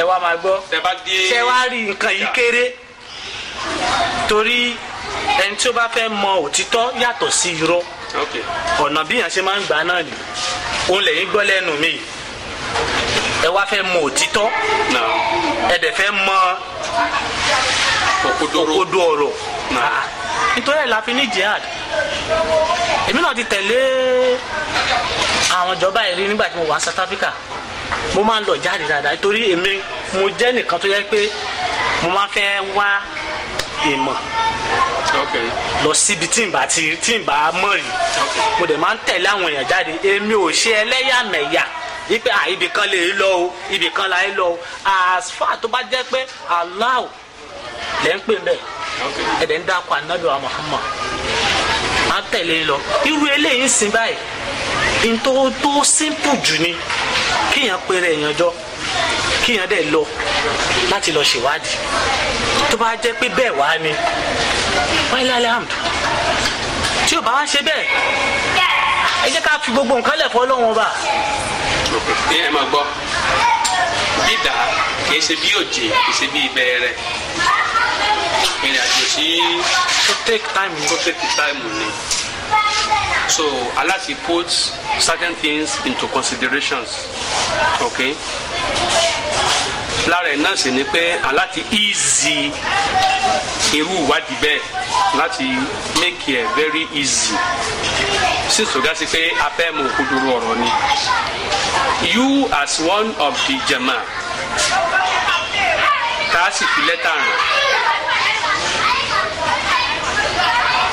ẹ wá máa gbọ́ ṣe wá rí nǹkan yìí kéré torí ẹni tí ó bá fẹ́ mọ òtítọ́ yàtọ̀ sí irọ́ ọ̀nà bí yàn ṣe máa ń gbà náà ni òun lẹ́yìn gbọ́ lẹ́nu mi ẹ wá fẹ́ mọ òtítọ́ ẹ dẹ̀ fẹ́ mọ òkodo ọ̀rọ̀ ah, nítorí ẹ̀ la fi ní jihad èmi náà ti tẹ̀lé àwọn ìjọba ẹ̀rí nígbà tí mo wà South Africa mo máa ń lọ jáde dáadáa torí èmi mo jẹ́ nìkan tó yẹ pé mo máa fẹ́ wá ìmọ̀ lọ síbi tí n bá ti tí n bá mọ̀ rí mo dẹ̀ máa ń tẹ̀lé àwọn èèyàn jáde èmi ò ṣe ẹlẹ́yàmẹ̀yà wípé à ibì kan lè lọ o ibì kan là ń lọ o as far tó bá jẹ́ pé Allah lẹ́ ń pè mbẹ́ ẹ̀dẹ̀ ń dákọ̀ anábì wa Muhammad máa tẹ̀lé e lọ irú eléyìí ń sìn báyìí ntòótó simple jù ni kéèyàn péré èèyàn jọ kéèyàn lọ láti lọ ṣèwádìí tó bá jẹ́ pé bẹ́ẹ̀ wá ni wọ́n ilé alhamdu tí ò bá wá ṣe bẹ́ẹ̀ ẹ jẹ́ ká fi gbogbo nǹkan lẹ̀ fọ́ lọ́wọ́n bá. ní ẹ máa gbọ́ dídà kì í ṣe bí òjè kì í ṣe bí ìbẹ̀rẹ̀ ìrìn àjò sí. tó take time ni. take time ni. So Allah he puts certain things into considerations. Okay. Lára ẹ̀ náà sì ni pé Allah ti easy irú ìwádìí bẹ́ẹ̀ láti make it very easy. Since tó ga sí pé afẹ́ mu òkúdúró ọ̀rọ̀ ni. You as one of the jama. Tá a sì fi lẹ́tà rẹ̀.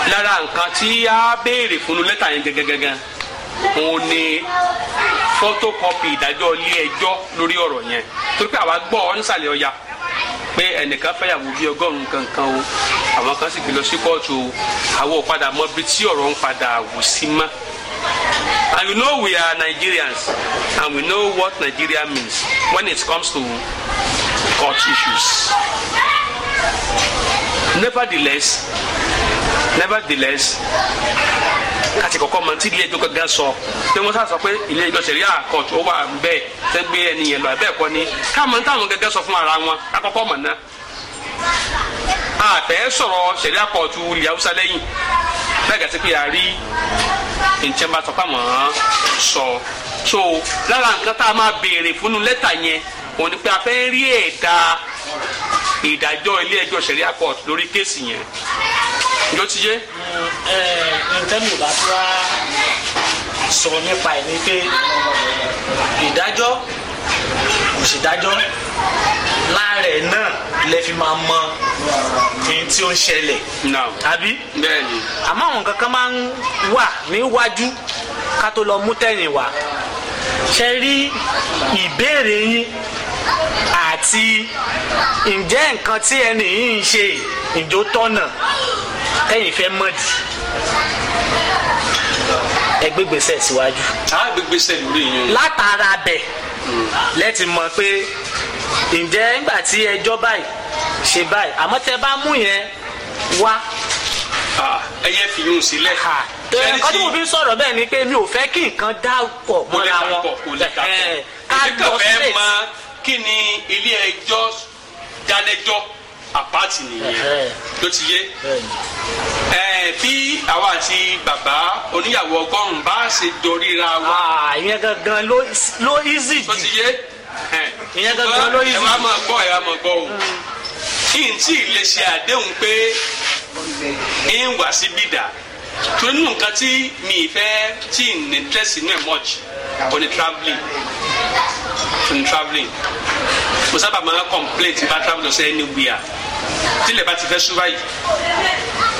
lára nǹkan tí a béèrè fún un lẹ́tà yẹn gẹ́gẹ́gẹ́gẹ́ òun ni fọ́tókọ́pì ìdájọ́ ilé ẹjọ́ lórí ọ̀rọ̀ yẹn torí pé àwa gbọ́ ọ nísàlẹ̀ ọya pé ẹnìkan fẹ́yàwó bíi ọgọ́rùn-ún kankan o àwọn kan sì gbé lọ sí kóòtù o àwọn ò padà mọ bí tí ọ̀rọ̀ ń padà wù sí mọ́ and you know we are Nigerians and we know what Nigeria means when it comes to court issues nevertheless nevertheless kati kọ́kọ́ mọ̀ tí ilé ẹjọ́ gangan sọ pé wọn sàṣọ pé ilé ẹjọ́ sẹríà kọtù ó wà bẹ́ẹ̀ tẹ gbé ẹni yẹn lọ bẹ́ẹ̀ kọ́ ni káàmọ táwọn gangan sọ fún ara wọn àkọ́kọ́ mọ̀ náà àfẹ́ sọ̀rọ̀ sẹríà kọtù ilé haúsá lẹ́yìn bẹ́ẹ̀ gàtí pé a rí ìjẹba tọpá mọ sọ so lára nǹkan tá a máa béèrè fúnnu lẹ́tà yẹn òun ni pé a fẹ́ rí ẹ̀dá ìdájọ́ ilé ẹjọ́ sẹríà kọtù lórí kéèsì yẹn njọ ti yé. nǹkan mi ò bá tó wá sọ̀rọ̀ nípa ẹ̀ ni pé ìdájọ́ òṣèdájọ́ láàrẹ̀ náà lè fi máa mọ ohun tí ó ń ṣẹlẹ̀. àbí bẹ́ẹ̀ni. àmọ́ àwọn kankan máa ń wà níwájú ká tó lọ mú tẹ̀yìn wá ṣe rí ìbéèrè yín àti ǹjẹ́ nǹkan tí ẹnì yìí ń ṣe ìjó tọ́nà tẹ́yìn fẹ́ mọ̀ di ẹ gbégbèsè síwájú. a gbégbèsè lórí yín. látara bẹ̀ hmm. lẹ́tì mọ̀ pé ǹjẹ́ nígbà tí ẹjọ́ báyìí ṣe báyìí àmọ́ tẹ́ bá mú yẹn wá. ẹyẹ fi yún sílẹ̀. ẹnìkan tí mo fi ń sọ̀rọ̀ bẹ́ẹ̀ ni pé mi ò fẹ́ kí nǹkan dápọ̀ mọ́ra wọn. kò lè dàpọ̀ kò lè dàpọ̀ èmi kàn fẹ́ mọ̀ kí ni ilé ẹjọ́ dálẹ́jọ́ apáàtì nìyẹn ló ti yé ẹ bí àwa àti bàbá oníyàwó ọgọ́rùn-ún bá ṣe doríra wa. ìyẹn gangan ló easy jù ìyẹn gangan ló easy jù. ẹ wá máa gbọ́ ẹ wá máa gbọ́ o hmm. kí n tí ì lè ṣe àdéhùn pé ń wà síbí dà torí nínú nǹkan tí mi ìfẹ́ tí ní dírẹ́sì ní ẹ̀ much for the travelling for the travelling mo sábà máa ń complain tí bá travel lọ sí anywhere tílẹ̀ bá ti fẹ́ sú báyìí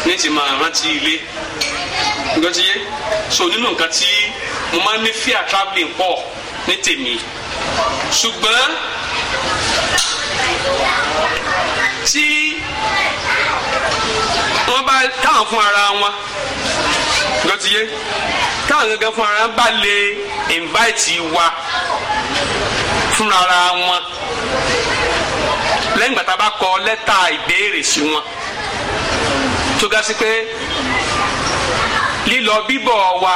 ní ti máa rántí ilé nǹkan ti yé so nínú nǹkan tí mo máa ń ní fear travelling pọ̀ ní tèmi ṣùgbọ́n tí wọ́n bá táwọn fún ara wọn nǹkan ti yé táwọn gangan fún ara bá lè invite wa fúnra ara wọn lẹ́yìn gbàtà bá kọ lẹ́tà ìbéèrè sí wọn tó ga sí pé lílọ bíbọ̀ wa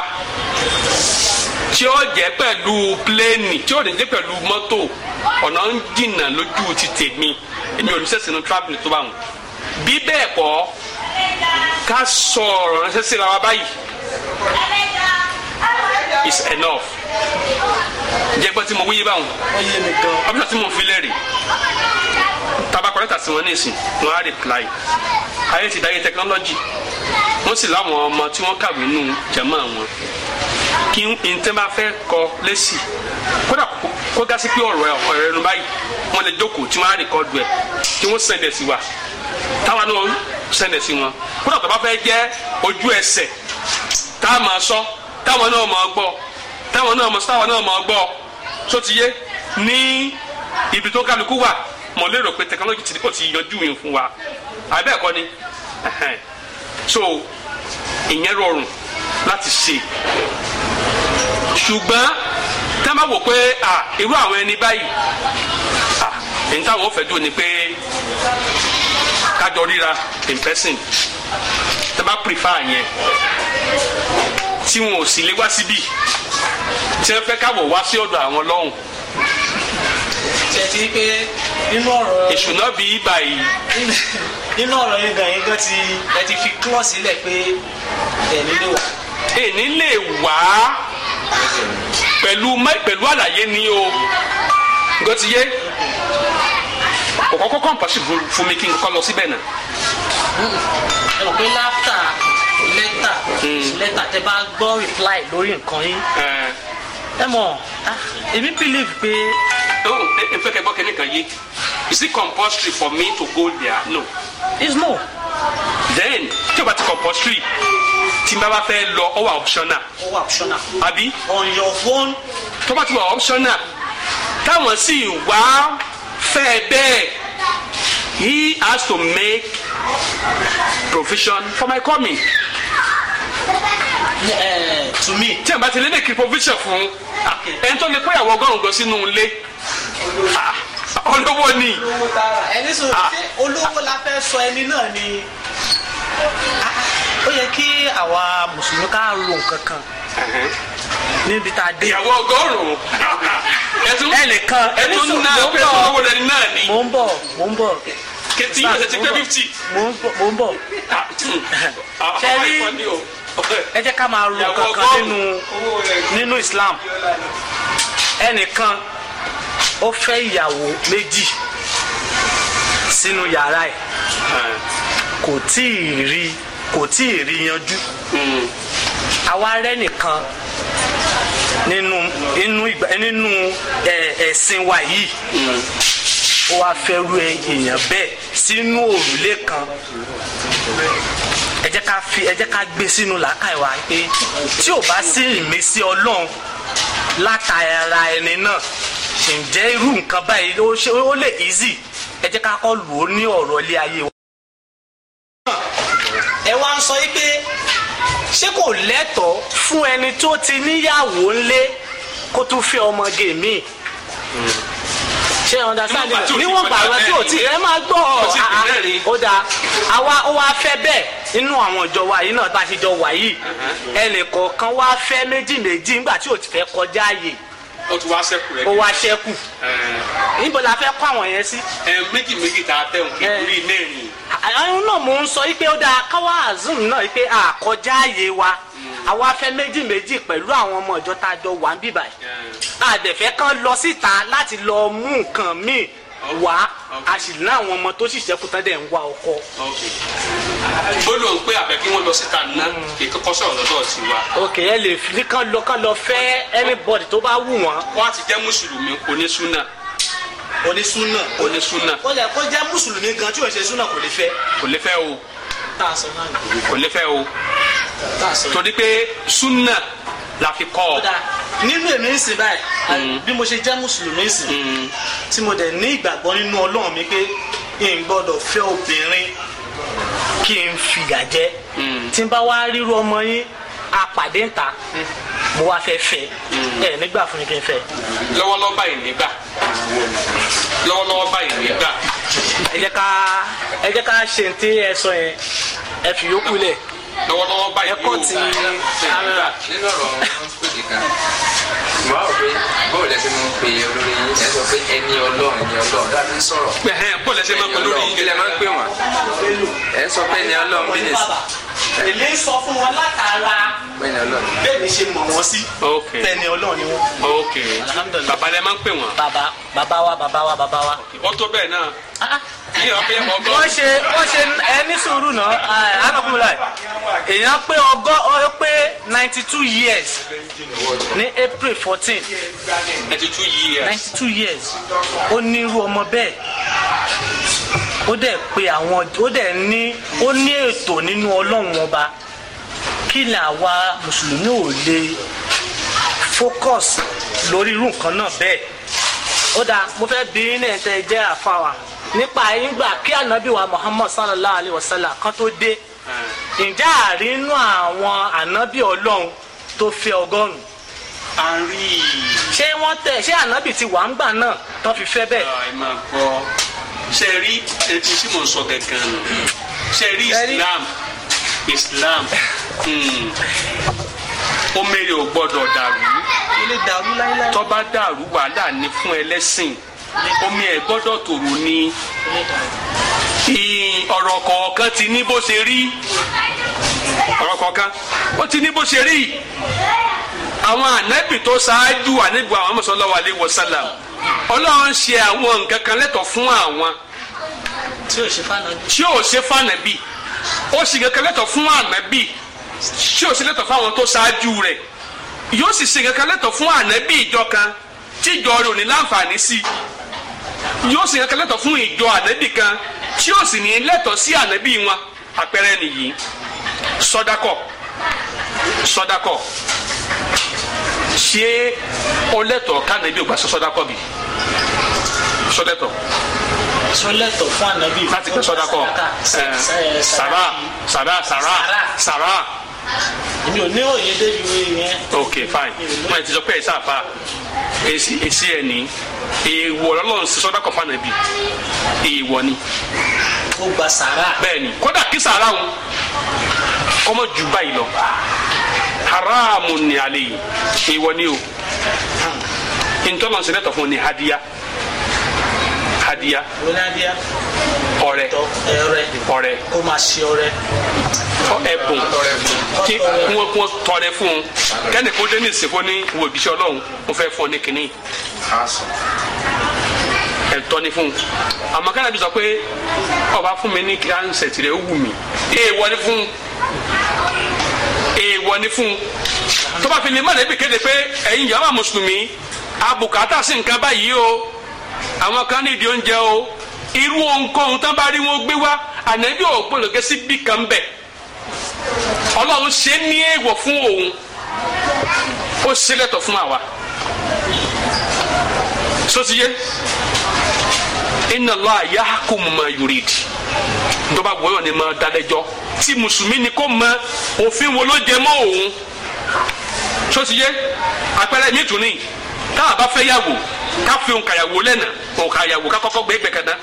tí ó jẹ́ pẹ̀lú pléènì tí ó lè jẹ́ pẹ̀lú mọ́tò ọ̀nà ń jìnnà lójú ti tèmi èmi ò ní sẹ́sìn ní travel tó bá wọn bí bẹ́ẹ̀ kọ́ ká sọ ọ̀rọ̀ ránṣẹ́ síra wa báyìí is enough jẹ́ pé tí mo wíyé báwọn ọ̀pọ̀ tí mo fi lẹ́rìí kọ́ńtà sí wọn nísìn wọn á reply ayé ti dáyé tẹkinọ́lọ́jì wọ́n sì láwọn ọmọ tí wọ́n kàwé nù jẹ̀mọ́ wọn kí n tẹ́ bá fẹ́ kọ lẹ́sì kódà kó gá sí pé ọ̀rọ̀ ẹ̀ ọ̀rọ̀ ẹnu báyìí wọ́n lè jókòó tí wọ́n á rìkọ́dù ẹ̀ tí wọ́n sẹ̀dẹ̀ sí wa táwa náà sẹ̀dẹ̀ sí wọn kódà tó bá fẹ́ jẹ́ ojú ẹsẹ̀ tá a máa sọ táwọn náà máa gbọ́ táwọn náà máa gbọ́ sótìyé ní ibi tó kálukú wà mo lérò pé technology ti kò ti yanjú yẹn fún wa abẹ́ẹ̀kọ́ ni so ìyẹn rọrùn láti ṣe ṣùgbọ́n tá a máa wò pé irú àwọn ẹni báyìí èyí táwọn ò fẹ́ dùn ni pé kájọ ríra in person tá a bá prefer yẹn tí wọn ò sì lè wá síbí tí wọn fẹ́ káwọ̀ wá sí ọ̀dọ̀ àwọn lọ́hùn tilẹ̀ ti pé nínú ọ̀rọ̀. ìṣúná bí ibà yìí. nínú ọ̀rọ̀ yín gan yín gan ti ẹ ti fi klọ́ sílẹ̀ pé ẹ̀mí lè wà. ẹ̀ní lè wá pẹ̀lú pẹ̀lú àlàyé ni o nǹkan ti yé kò kọ́kọ́ kọ́ǹpọ̀sì fún mi kí n kọ́ lọ síbẹ̀ náà. ẹ mọ̀ pé láftà lẹ́tà hmm. lẹ́tà tẹ bá gbọ́ reply lórí nǹkan yín eh. ẹ mọ̀ ah, èmi believe pé oh n eh, eh, fẹ́ kẹ́ gbọ́ kẹ́ni kan yé is it compulsory for me to go there no it's no then tí o bá ti compulsory tí n bá bá fẹ́ lọ ó wà optional. ó wà optional. Abi, on your phone. tó bá ti wà optional táwọn sì wá fẹ́ bẹ́ẹ̀ he has to make provision for my coming. Yeah. Eh, to me. tí a bá ti lé lèkì provision fún ẹni tó lè pé àwọn ọgọ́rùn-ún gan sínú ilé ah, olówó ni. olówó tààrà ẹni sọ ah. ṣé olówó la fẹ́ sọ ẹni náà ni ah, ó yẹ kí àwa mùsùlùmí ká ro nǹkan kan níbi tá a dé. ìyàwó ọgọ́rùn-ún ẹnìkan ẹni sọ náà pé olówó lẹni náà ni. mò ń bọ̀ mò ń bọ̀ kẹtí ọ̀sẹ̀ ti pé fifty. mò ń bọ̀. Hmm. ṣe rí ẹ jẹ́ ká máa lo kankan nínú nínú Islam ẹnìkan ó fẹ́ ìyàwó méjì sínú yàrá ẹ̀ kò tí ì rí kò tí ì rí yanjú àwa rẹ nìkan nínú nínú ìgbà nínú ẹ̀sìn wa yìí ó wá fẹ́ rú èèyàn bẹ́ẹ̀ sínú òrùlé kan ẹ jẹ́ ká fi ẹ jẹ́ ká gbé sínú làákàyè wa pé tí ò bá sí ìmísí ọlọ́run látara ẹni náà ǹjẹ́ irú nǹkan báyìí ó lè easy ẹ jẹ́ ká kọ́ lù ó ní ọ̀rọ̀ ilé ayé wa. ẹ wá ń sọ yí pé ṣé kò lẹ́tọ̀ọ́ fún ẹni tó ti níyàwó ńlé kó tún fẹ́ ọmọge míì ṣe understand níwọ̀n gbàgbọ́ tí ò tí ẹ máa gbọ́ ó dáa àwa ó wá fẹ́ bẹ́ẹ̀ nínú àwọn ìjọ wa yìí náà bá ṣe jọ wà yìí uh-huh. ẹnìkọ̀ọ̀kan wá fẹ́ méjì méjì nígbà tí ò ti fẹ́ kọjá àyè ó ti wá sẹ́kù rẹ. ó wá sẹ́kù. níbo la fẹ́ kó àwọn yẹn sí. ẹ méjì méjì tá a tẹ̀ wọ́n kékeré mẹ́rin. àwọn náà mò ń sọ pé ó dáa káwá azum náà pé àkọjá wa àwa fẹ́ méjì méjì pẹ̀lú àwọn ọmọ ìjọ tá a jọ wà ń bíbà àdẹ̀fẹ́ kan lọ síta láti lọ mú nǹkan míì wá a sì ná àwọn ọmọ tó sì ṣẹ́kù tán dẹ̀ ń wá ọkọ. gbọ́dọ̀ ń pé àbẹ̀ kí wọ́n lọ síta ná ìkọ́kọ́ mm. sọ̀rọ̀ lọ́dọ̀ sí wa. ok ẹ lè fi kán lọ kán lọ fẹ́ anybody tó bá wù wọ́n. wọ́n á ti jẹ́ mùsùlùmí onísúnà onísúnà onísúnà. ó lè kó jẹ́ mùsùlùmí gan tí ò ń ṣe súnà kò lè fẹ́. kò lè fẹ́ o. tá a sọ náà. kò lè fẹ́ o torí pé sunna la fi kọ́ ọ. nínú èmi ń sìn báyìí mm. bí mo ṣe jẹ́ mùsùlùmí sìn mm. tí mo dẹ̀ ní ìgbàgbọ́ nínú ọlọ́run mi pé n gbọ́dọ̀ fẹ́ obìnrin kí n fìyà jẹ mm. tí n bá wá ríru ọmọ yín apàdé ńta mo wá fẹ́ fẹ́ ẹ nígbà fún mi kí n fẹ́. lọ́wọ́lọ́wọ́ báyìí nígbà lọ́wọ́lọ́wọ́ báyìí nígbà. ẹ jẹ́ ká ẹ jẹ́ ká ṣe ní ẹ sọ yẹn ẹ fi yókù lẹ̀ lọ́wọ́lọ́wọ́ báyìí yóò ẹ̀kọ́ ti amẹ́ra. nínú ọ̀rọ̀ kùdì kan mo á rò pé bóòlù lẹ́sẹ̀ mú pé olórí yín ẹ sọ pé ẹni ọlọ́run ẹni ọlọ́run láti sọ̀rọ̀. bóòlù lẹ́sẹ̀ máa pẹ̀lú olórí yín. ẹ sọ pé ẹni ọlọ́run bí nìsí èlé sọ fún wọn látara bẹ́ẹ̀ ni ṣe mọ̀ wọ́n sí tẹ̀lé ọlọ́run ni wọ́n. bàbá lẹ máa ń pè wọ́n. bàbá bàbá wa bàbá wa bàbá wa. wọ́n tó bẹ́ẹ̀ náà ní ah, ah. ọ̀pẹ ọgọ́. wọ́n ṣe wọ́n ṣe ẹni sùúrù náà anakunla ah, èèyàn pé ọgọ́ ó pé ninety two years ní April fourteen ninety two years ó ní irú ọmọ bẹ́ẹ̀ ó dẹ̀ pé àwọn ó dẹ̀ ní ó ní ètò nínú ọlọ́run ọba kí ni àwa mùsùlùmí ò lè focus lórí irú nǹkan náà bẹ́ẹ̀ ó dáa mo fẹ́ bí ní ẹ̀tẹ́ jẹ́ àfàwà nípa ìgbà kí ànábì wa Muhammad sallallahu alayhi wa sallam kan tó dé ǹjẹ́ àrínú àwọn ànábì ọlọ́run tó fẹ́ ọgọ́rùn-ún a rí ṣé wọ́n tẹ̀ ṣé ànábì ti wà ń gbà náà tó fi fẹ́ bẹ́ẹ̀ ṣe rí etí tí mò ń sọ kankan nù ṣe rí Islam Islam hmm. ó mèrè ò gbọ́dọ̀ dàrú tó bá dàrú wàhálà ní fún ẹlẹ́sìn omi ẹ̀ gbọ́dọ̀ tòrò ni ọ̀rọ̀ kọ̀ọ̀kan ti ní bó ṣe rí ọ̀rọ̀ kọ̀ọ̀kan ó ti ní bó ṣe rí àwọn ànábì tó ṣáájú ànábì àwọn mọ̀sánlọ́wọ́ alẹ́ wọ ọlọ́run ṣe àwọn nǹkan kan lẹ́tọ̀ fún àwọn tí ò ṣe fànàbí ó sì kankan lẹ́tọ̀ fún ànábì tí ò ṣe lẹ́tọ̀ fún àwọn tó ṣáájú rẹ̀ yóò sì ṣe kankan lẹ́tọ̀ fún ànábì ìjọ kan tí ìjọ rẹ̀ ò ní láǹfààní sí yóò sì kankan lẹ́tọ̀ fún ìjọ ànábì kan tí ò sì ní lẹ́tọ̀ sí ànábì wọn àpẹẹrẹ nìyí sọdakọ sọdakọ ṣé ọlẹ́tọ̀ kánàbí ògbà sọ́sọ́dá kọ́ bi sọ́dẹ́tọ̀. sọ́lẹ́tọ̀ fún ànábì. láti pè sọ́dá kọ́ sàrà sàrà sàrà sàrà. èmi ò ní òye débi wo yẹn. ok fine wọn ti sọ pé ẹ sáfà èsì èsì ẹ ní èèwọ̀ lọ́lọ́run sí sọ́dá kọ́ fún ànábì èèwọ̀ ni. ó gba sàrà. bẹ́ẹ̀ni kódà kí sàrà òun kọ́mọ ju báyìí lọ haramu ni ale ye ìwọ ni o ntọ́lọ́sẹ̀ lẹ́tọ̀ fún ni hadiya hadiya ọrẹ ọrẹ ẹbùn kí wọn kún tọrẹ fún un kẹ́ni kó dé ní ìsìnkú ní wo ibi ọlọ́run mo fẹ́ fọ́ ní kínní ẹ̀tọ́ ni fún un àmọ́ kẹ́ni bí sọ pé ọba fún mi ní kí á ń ṣètìlẹ̀ ó wù mí èèwọ̀ ni fún un. èèwọ̀ ni fún un tó bá fi lè má lẹ́bi kéde pé ẹ̀yin jàmá mùsùlùmí abùkátà sí nǹkan báyìí o àwọn kan nídìí oúnjẹ o irú ohunkóhun tán bá rí wọn gbé wá ànábì ò bí kan bẹ̀ ọlọ́run ṣe ní fún òun ó fún àwa sotiye ntọ́ba wọ́yọ̀ ni tí mùsùlùmí ni kó mọ òfin wo ló jẹ mọ́ òun tó ti yé àpẹẹrẹ mi tún ní táà bá fẹ́ yàwó ká fi òun kàyàwó lẹ́nà òun kàyàwó ká kọ́kọ́ gbé gbẹ̀kẹ̀dá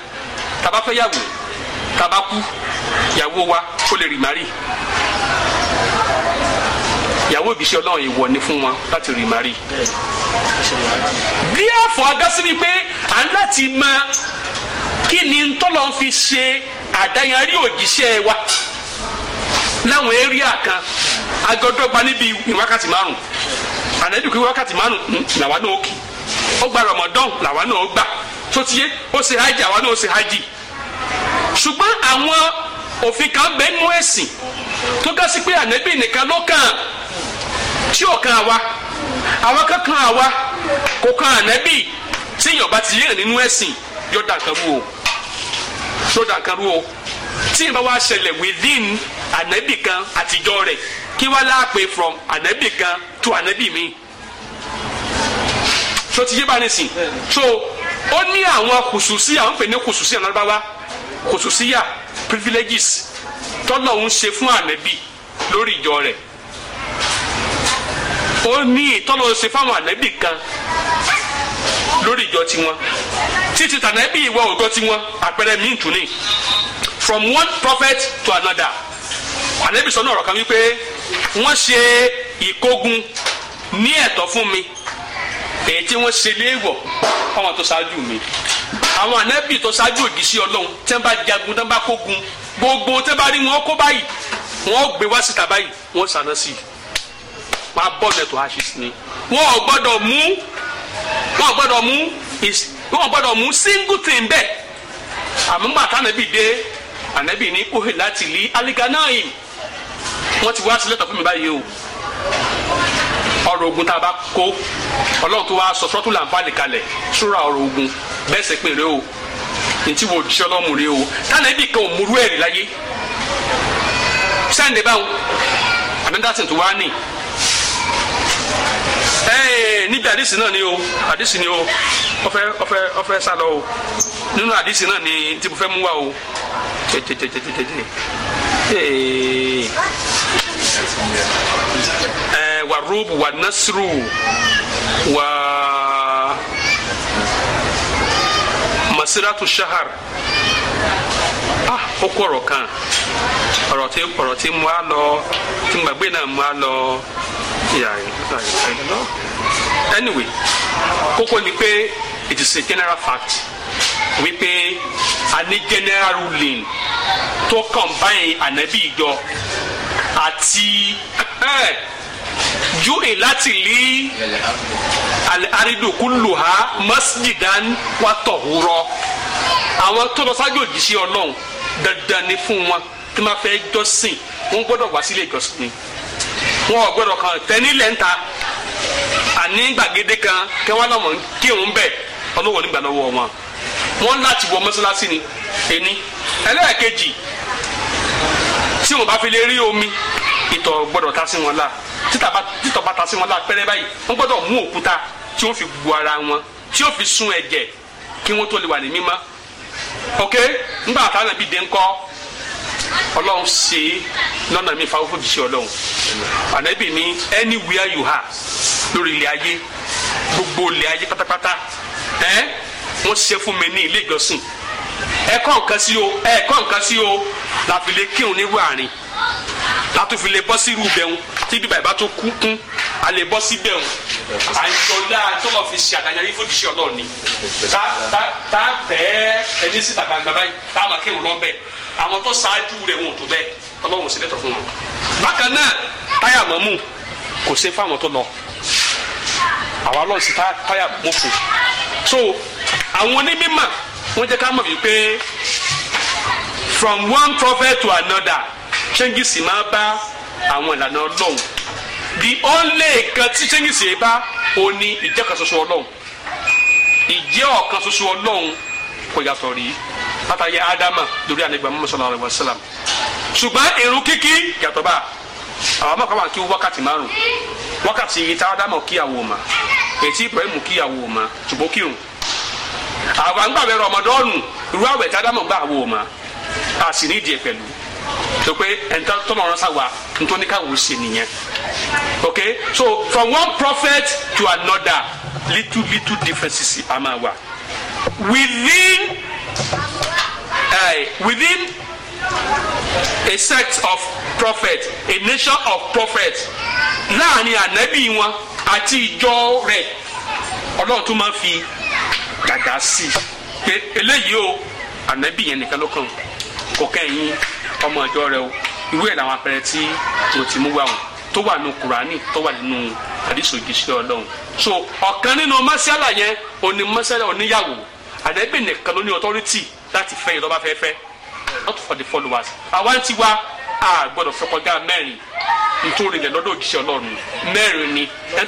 tá bá fẹ́ yàwó kú yàwó wa kó lè rìmárì yàwó ìbísí ọlọ́run ìwọ ni fún wọn láti rìmárì bí àfọ̀ agásí ni pé à ń láti mọ kí ni tọ́lọ́ fi ṣe àdáyanrí òjíṣẹ́ wa láwọn eréà kan agbọ́dọ́gba níbi wákàtí márùn ànádìkú wákàtí márùn hmm, làwa náà kì ó gba rọmọdán làwa náà gbà tó ti yé ó ṣe hajj àwa náà ó ṣe hajj ṣùgbọ́n àwọn òfin kan bẹ́ẹ̀ nú ẹ̀sìn tó ga sí pé ànábì nìkan ló kàn tí ò kan àwa àwa kan àwa kò kan ànábì tí èèyàn ti yéèyàn nínú ẹ̀sìn yóò dà nǹkan rú o yóò dà nǹkan rú o tí èèyàn bá ṣẹlẹ̀ within ànábì kan àtijọ́ rẹ̀ kí wá láàpè from ànábì kan to ànábì mi so ti yé bá ní so ó ní àwọn kùsùsíyà ń pè ní kùsùsíyà lọ́dọ́báwá kùsùsíyà privileges tọ́lọ̀ ń ṣe fún ànábì lórí ìjọ rẹ̀ ó ní ìtọ́lọ̀ ń ṣe fáwọn ànábì kan lórí ìjọ tiwọn títí tànábì ìwọ òjọ tiwọn àpẹẹrẹ mi tún from one prophet to another ànábì sọ náà ọ̀rọ̀ kan wípé wọ́n ṣe ìkógun ní ẹ̀tọ́ fún mi èyí tí wọ́n ṣe léèwọ̀ fáwọn tó ṣáájú mi àwọn ànábì tó ṣáájú òjíṣẹ́ Ọlọ́run tí wọ́n bá jagun tí wọ́n bá kógun gbogbo tí wọ́n bá rí wọn kó báyìí wọ́n gbé wá síta báyìí wọ́n ṣáná sí i wọ́n á bọ́ọ̀lù ẹ̀tọ́ àṣìṣe ni wọ́n ò gbọ́dọ̀ mú wọ́n ò gbọ́dọ̀ mú wọ́n ò gbọ́dọ̀ mú single thing bẹ́ẹ̀ àmúgbàtà ànábì dé ànábì ní kóhè láti lé aliganáyìí wọ́n ti wá sí lẹ́tọ̀ fún mi báyìí o ọ̀rọ̀ ogun tá a bá kó ọlọ́run tó wá sọ sọ́tún làǹfààní kalẹ̀ súra ọ̀rọ̀ ogun bẹ́ẹ̀ sẹ́ pé rẹ o ntí wo jíṣẹ́ ọlọ́run rẹ o tánà ibì kan ò múrú ẹ̀rí láyé sẹ́ǹdẹ̀ báwo àbẹ́ńdàtì tó wá nì níbi àdìsí náà ni o àdìsí ni o ọfẹ ọfẹ ọfẹ sálọ o nínú àdìsí náà ni tí mo fẹ́ mú wá o tètè tètè tètè. والروب والنصر و masiratu shahar ah ó kó kan ọ̀rọ̀ tí ọ̀rọ̀ tí mo á lọ tí mo gbàgbé náà mo á anyway kókó ni pé it is a general fact wípé a ní general ruling tó combine ànábì ìjọ àti eh, júwe láti lé alidu kulluha masjidan wa tọ̀húrọ̀ àwọn tó lọ sáájú òjíṣẹ́ ọlọ́run dandan ni fún wọn tí wọ́n fẹ́ jọ́sìn wọ́n gbọ́dọ̀ wá sílé ìjọsìn ni wọn ò gbọ́dọ̀ kan tẹ́ni lẹ́ńta àní gbàgede kan kẹwọn lọmọ kírun bẹ ọlọ́wọ́ nígbà lọ́wọ́ wọn wọn láti wọ mọ́sálásí ni ẹni ẹlẹ́ẹ̀kejì tí wọn bá fi lè rí omi ìtọ̀ gbọ́dọ̀ ta sí wọn la títọ̀ bá ta sí wọn la pẹ́rẹ́ báyìí wọ́n gbọ́dọ̀ mú òkúta tí wọ́n fi gbu ara wọn tí wọ́n fi sun ẹ̀jẹ̀ kí wọ́n tó lè wà ní mímọ́ ok nígbà tá nàbí dé ńkọ́ ọlọ́run ṣe lọ́nà mi fáwọn fún ìṣe ọlọ́run ànábì ní anywhere you are lórí ilé ayé gbogbo ilé ayé pátápátá ẹ wọ́n ṣe fún mi ní ilé ìjọsìn ẹ kọ́ nǹkan sí o ẹ kọ́ nǹkan sí o la fi lè kírun nírú àárín la tún fi lè bọ́ sírú bẹ̀rù tí bíbá ìbá tó kú kún a lè bọ́ sí bẹ̀rù à tó lọ́ọ́ fi ṣe àdáyẹrí fún ìṣe ọlọ́ọ̀ ni tá tá tá tẹ́ ẹni síta gbangba báyìí tá a máa kírun lọ bẹ́ẹ̀ àwọn tó ṣáájú rẹ̀ wọn ò tó bẹ́ẹ̀ ọlọ́run sì lẹ́tọ̀ fún wọn. bákan náà táyà mọ́mú kò ṣe fáwọn tó lọ àwa lọ́ọ̀ sí táyà mọ́fù so àwọn onímọ̀ wọ́n jẹ́ ká mọ̀ wípé from one prophet to another changes máa bá àwọn ìlànà ọlọ́run the only kan tí changes yẹn bá o ní ìjẹ́ kan ṣoṣo ọlọ́run ìjẹ́ ọ̀kan ṣoṣo ọlọ́run kò yàtọ̀ rí látàrí ádámà lórí ànígbà mọ́mọ́ sọ́lá ọ̀rẹ́ wàsálàm ṣùgbọ́n irun kíkí yàtọ̀ bá àwọn ọmọ kan wà kí wákàtí márùn wákàtí yìí tá ádámà kíyàwó ọ̀ma ètí Ibrahim kíyàwó ọ̀ma ṣùgbọ́n kírun àwa ń gbàwé rọmọdọ́ọ̀nù irú àwẹ̀ tí ádámù gbà wò ma a sì ní ìdí ẹ̀ pẹ̀lú tó pé ẹ̀ńtọ́ tọ́lọ́run sáwà nítorí káwọ́ ṣe nìyẹn ok so from one prophet to another little little differences a máa wà within uh, within a set of prophets, a nation of prophets. láàrin ànábì wọn àti ìjọ rẹ̀ ọlọ́run tó máa fi dàda sí i pé eléyìí o ànábì yẹn nìkan ló kàn kò kẹ́yìn ọmọ ìjọ rẹ o irú ẹ̀ làwọn apẹrẹ tí mo ti mú wá o tó wà nínú kùránì tó wà nínú àdìsí òjíṣẹ́ ọlọ́run so ọ̀kan nínú mọ́sálà yẹn òní mọ́sálà oníyàwó ànábì nìkan ló ní authority láti fẹ́ yẹn tó bá fẹ́ fẹ́ not for the followers àwa ń tiwa a gbọ́dọ̀ fẹ́ kọjá mẹ́rin nítorí ilẹ̀ lọ́dọ̀ òjíṣẹ́ ọlọ́run mẹ́rin ni ẹni tó